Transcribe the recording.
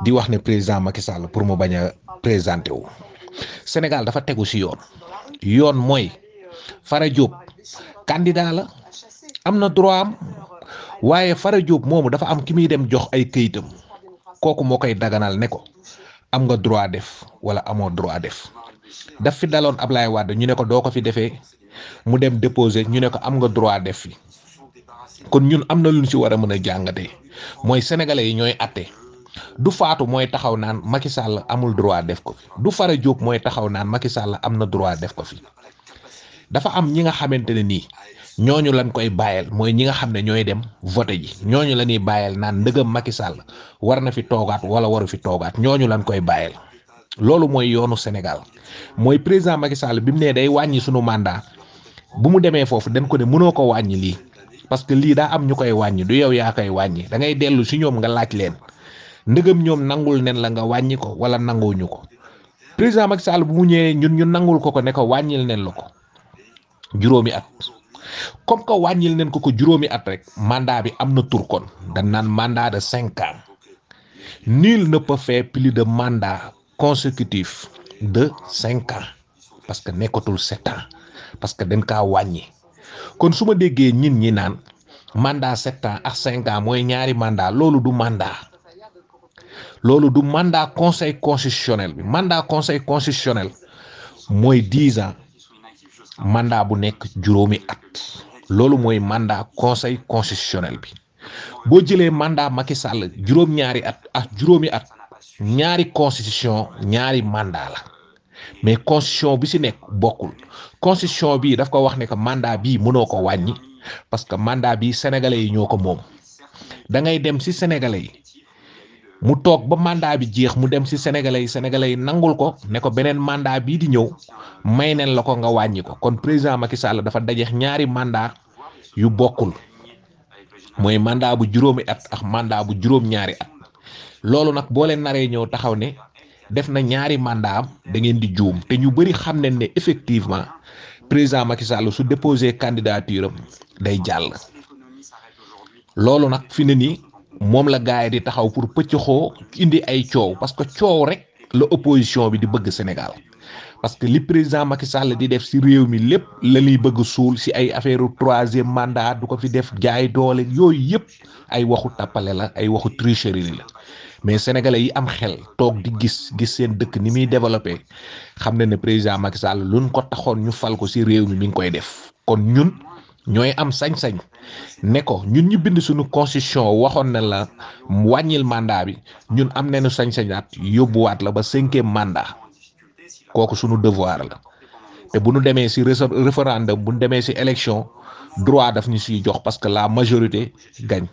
di wax ne président Macky Sall pour mu bañ a présenté wu Sénégal dafa tegu ci yoon yoon mooy Fara Diop candidat la am na droit am waaye Fara Diop moomu dafa am ki muy dem jox ay këyitam kooku moo koy daganal ne ko am nga droit def wala amoo droit def daf fi daloon ab Ablaye Wade ñu ne ko doo ko fi defee mu dem déposé ñu ne ko am nga droit def fi kon ñun am na lu ñu ci war a mën a jàngatee mooy sénégalais ñooy àtte. du faatu mooy taxaw naan Macky Sall amul droit def ko fi du Fara Diop mooy taxaw naan Macky Sall am na droit def ko fi dafa am ñi nga xamante ne nii ñooñu lañ koy bàyyeel mooy ñi nga xam ne ñooy dem vote ji ñooñu la ñuy bàyyeel naan ndëgëm Macky Sall war na fi toogaat wala waru fi toogaat ñooñu lañ koy bàyyeel loolu mooy yoonu Sénégal mooy président Macky Sall bi mu nee day wàññi sunu mandat bu mu demee foofu dañ ko ne mënoo ko wàññi lii parce que lii daa am ñu koy wàññi du yow yaa koy wàññi da ngay dellu si ñoom nga laaj leen. ndegam ñoom nangul nen la nga wàññi ko wala nanguñu ko président Macky Sall bu mu ñëwee ñun ñu nangul ko ko ne ko wàññil nen la ko juróomi at comme que wàññil nen ko ko juróomi at rek mandat bi am na tur kon dañ naan mandat de cinq ans nul ne peut faire plus de mandat consécutif de cinq ans parce que nekkatul sept ans parce que dañ kaa wàññi kon su ma déggee ñin ñi naan mandat sept ans ak cinq ans mooy ñaari mandat loolu du mandat loolu du mandat conseil constitutionnel bi mandat conseil constitutionnel mooy dix ans mandat bu nekk juróomi at loolu mooy mandat conseil constitutionnel bi boo jëlee mandat Macky Sall juróom-ñaari at ak juróomi at ñaari constitution ñaari mandat la mais constitution bi ci nekk bokkul constitution bi daf ko wax ne que mandat bii mënoo ko wàññi parce que mandat bi sénégalais yi ñoo ko moom da ngay dem ci sénégalais yi. mu toog ba mandat bi jeex mu dem ci sénégalais yi sénégalais yi nangul ko ne ko beneen mandat bii di ñëw may neen la ko nga wàññi ko kon président Macky Sall dafa dajeex ñaari mandat yu bokkul mooy mandat bu juróomi at ak mandat bu juróom at loolu nag boo leen naree ñëw taxaw ne def na ñaari mandat da ngeen di juum te ñu bëri xam nañ effectivement président Macky su déposé candidature am day jàll loolu nag fi ne nii. moom la gars yi di taxaw pour pëccëxoo indi ay coow parce que coow rek la opposition bi di bëgg Sénégal parce que li président Macky Sall di def ci réew mi lépp la ñuy bëgg suul ci ay affaire troisième mandat du ko fi def jaay doole yooyu yëpp ay waxu tappale la ay waxu tricherie la mais sénégalais yi am xel toog di gis gis seen dëkk ni muy développé xam na ne président Macky Sall luñ ko taxoon ñu fal ko ci réew mi mi ngi koy def kon ñun. ñooy am sañ-sañ ne ko ñun ñu bind suñu constition waxoon na la wàññil mandat bi ñun am nañu sañ-sañaat yóbbuwaat la ba cinquième mandat kooku suñu devoir la te bu nu demee ci référendum bu ñu demee si élection droit daf ñu ciy jox parce que la majorité gagne